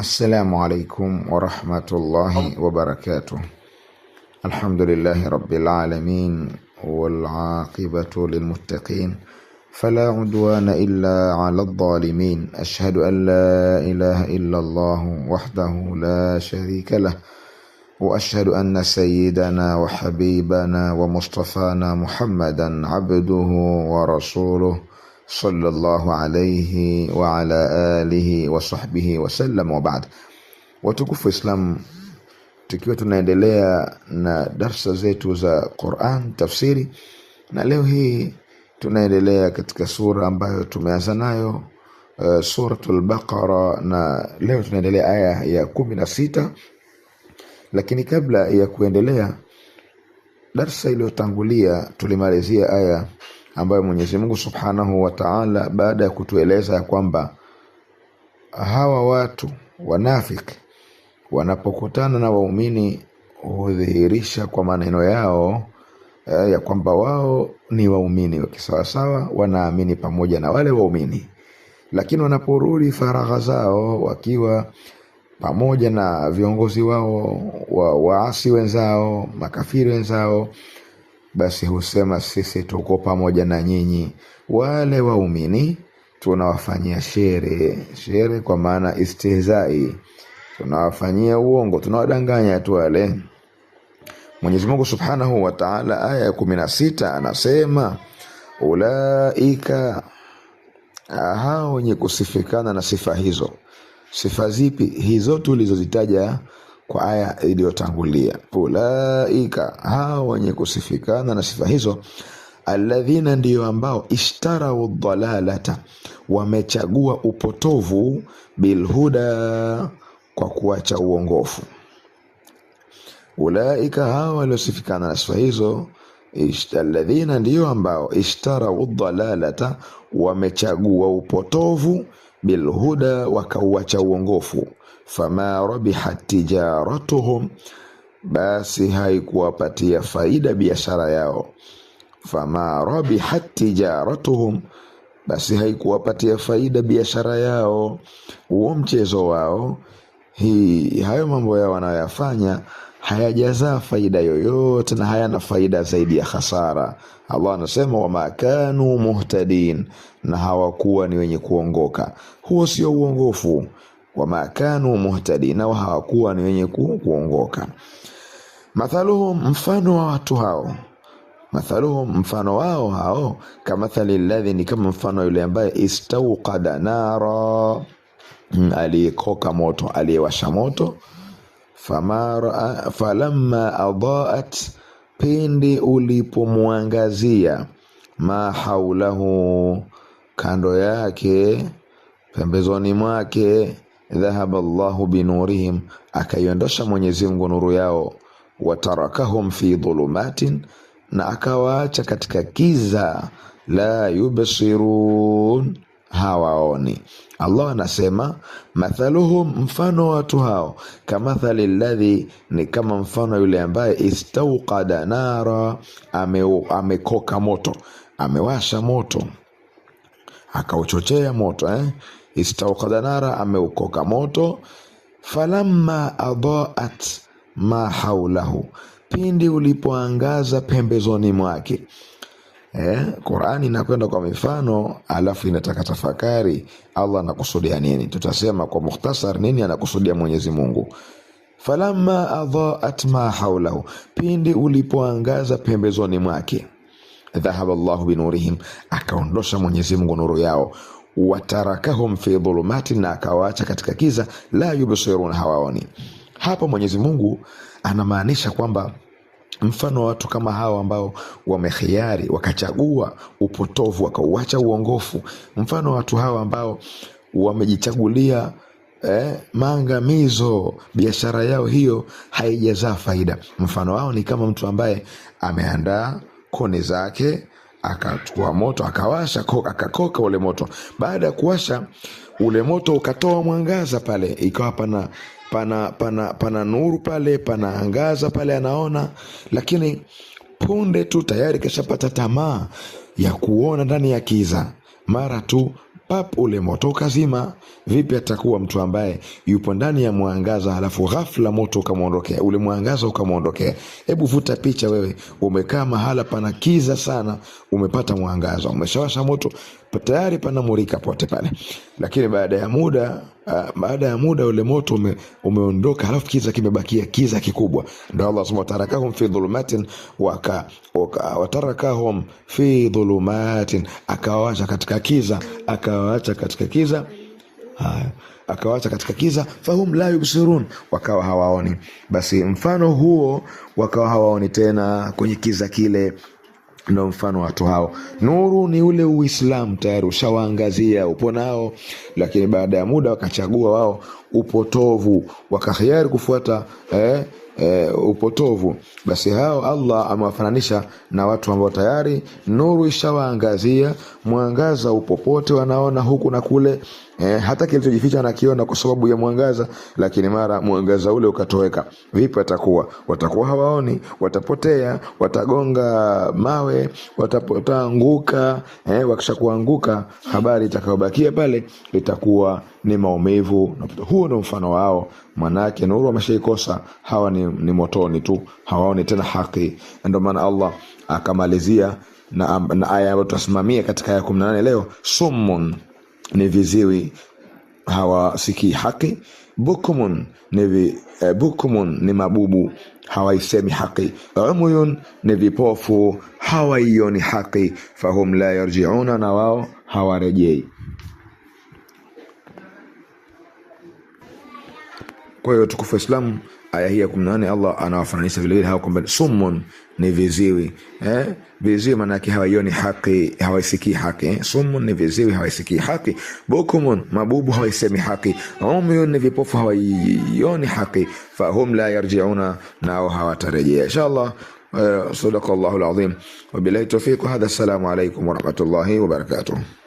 السلام عليكم ورحمة الله وبركاته الحمد لله رب العالمين والعاقبة للمتقين فلا عدوان إلا على الظالمين أشهد أن لا إله إلا الله وحده لا شريك له وأشهد أن سيدنا وحبيبنا ومصطفانا محمدا عبده ورسوله sallallahu alayhi wa ala alihi wa sahbihi sallam wa baad watukufu Islam tukiwa tunaendelea na darsa zetu za Qur'an tafsiri na leo hii tunaendelea katika sura ambayo tumeanza nayo uh, suratul baqara na leo tunaendelea aya ya kumi na sita lakini kabla ya kuendelea darsa iliyotangulia tulimalizia aya ambayo Mwenyezi Mungu Subhanahu wa Ta'ala baada ya kutueleza ya kwamba hawa watu wanafiki wanapokutana na waumini hudhihirisha kwa maneno yao eh, ya kwamba wao ni waumini wakisawasawa, wanaamini pamoja na wale waumini, lakini wanaporudi faragha zao wakiwa pamoja na viongozi wao waasi wenzao, makafiri wenzao, basi husema sisi tuko pamoja na nyinyi, wale waumini tunawafanyia shere shere, kwa maana istihzai, tunawafanyia uongo, tunawadanganya tu wale. Mwenyezi Mungu Subhanahu wa Ta'ala, aya ya kumi na sita anasema ulaika, ah, hao wenye kusifikana na sifa hizo. Sifa zipi hizo tulizozitaja? kwa aya iliyotangulia ulaika hao wenye kusifikana na sifa hizo alladhina ndiyo ambao ishtarau dhalalata wamechagua upotovu bilhuda kwa kuacha uongofu ulaika hao waliosifikana na sifa hizo alladhina ndiyo ambao ishtarau dhalalata wamechagua upotovu bilhuda wakauacha uongofu fama rabihat tijaratuhum basi haikuwapatia faida biashara yao fama rabihat tijaratuhum basi haikuwapatia faida biashara yao huo mchezo wao hii hayo mambo yao wanayoyafanya hayajazaa faida yoyote na hayana faida zaidi ya hasara. Allah anasema wama kanu muhtadin, na hawakuwa ni wenye kuongoka. Huo sio uongofu. Wama kanu muhtadin, nao hawakuwa ni wenye kuongoka. Mathaluhum, mfano wa watu hao mathaluhum mfano wao hao, kamathali ladhi, ni kama mfano yule ambaye istauqada nara, aliyekoka moto, aliyewasha moto Famara, falamma adaat, pindi ulipomwangazia ma haulahu, kando yake, pembezoni mwake, dhahaba Allahu binurihim, akaiondosha Mwenyezi Mungu nuru yao, watarakahum fi dhulumatin, na akawaacha katika kiza la yubsirun hawaoni. Allah anasema mathaluhum, mfano wa watu hao, kamathali ladhi, ni kama mfano yule ambaye istauqada nara, ame, amekoka moto, amewasha moto akauchochea moto eh? istauqada nara, ameukoka moto. Falamma adaat ma haulahu, pindi ulipoangaza pembezoni mwake eh, Qurani inakwenda kwa mifano, alafu inataka tafakari, Allah anakusudia nini? Tutasema kwa mukhtasar nini anakusudia Mwenyezi Mungu. Falamma adhaat ma haulahu, pindi ulipoangaza pembezoni mwake, dhahaba Allahu binurihim, akaondosha Mwenyezi Mungu nuru yao watarakahum fi dhulumati, na akawaacha katika kiza la yubsirun, hawaoni. Hapa Mwenyezi Mungu anamaanisha kwamba Mfano wa watu kama hawa ambao wamehiari wakachagua upotovu wakauacha uongofu. Mfano wa watu hawa ambao wamejichagulia eh, maangamizo, biashara yao hiyo haijazaa faida. Mfano wao ni kama mtu ambaye ameandaa koni zake akachukua moto akawasha, akakoka ule moto, baada ya kuwasha ule moto ukatoa mwangaza pale, ikawa pana pana pana pana nuru pale, pana angaza pale, anaona. Lakini punde tu tayari kashapata tamaa ya kuona ndani ya kiza, mara tu pap, ule moto ukazima. Vipi atakuwa mtu ambaye yupo ndani ya mwangaza, halafu ghafla moto ukamwondokea, ule mwangaza ukamwondokea? Hebu vuta picha wewe, umekaa mahala pana kiza sana, umepata mwangaza, umeshawasha moto, tayari panamurika pote pale. Lakini baada ya muda uh, baada ya muda ule moto ume, umeondoka, halafu kiza kimebakia, kiza kikubwa. Ndio Allah subhanahu wa ta'ala tarakahum fi dhulumatin watarakahum fi dhulumatin, akawaacha katika kiza, akawaacha katika kiza Haya, akawaacha katika kiza, fahum la yubsirun, wakawa hawaoni. Basi mfano huo, wakawa hawaoni tena kwenye kiza kile ndo mfano watu hao. Nuru ni ule Uislamu, tayari ushawaangazia upo nao, lakini baada ya muda wakachagua wao upotovu, wakahiari kufuata eh, eh, upotovu. Basi hao Allah amewafananisha na watu ambao tayari nuru ishawaangazia, mwangaza upopote, wanaona huku na kule eh, hata kilichojificha anakiona kwa sababu ya mwangaza, lakini mara mwangaza ule ukatoweka, vipi atakuwa? Watakuwa hawaoni, watapotea, watagonga mawe, watapotaanguka. Eh, wakishakuanguka habari itakayobakia pale itakuwa ni maumivu. Huo ndio mfano wao, manake nuru wameshaikosa. Hawa ni, ni motoni tu, hawaoni tena haki. Ndio maana Allah akamalizia na, na aya ambayo tutasimamia katika aya kumi na nane leo summun ni viziwi hawasikii haki bukumun ni, vi, eh, bukumun ni mabubu hawaisemi haki umuyun ni vipofu hawaioni haki fahum la yarjiuna na wao hawarejei kwa hiyo tukufu islamu aya hii ya kumi na nane allah anawafananisha vilevile hawa kwamba summun ni viziwi eh? viziwi maana yake hawaioni haki hawaisikii haki eh? Summun ni viziwi hawaisikii haki bukumun mabubu hawaisemi haki umyun ni vipofu hawaioni haki fahum la yarjiuna nao hawatarejea insha allah صدق الله العظيم وبالله Hadha, assalamu السلام عليكم ورحمة الله وبركاته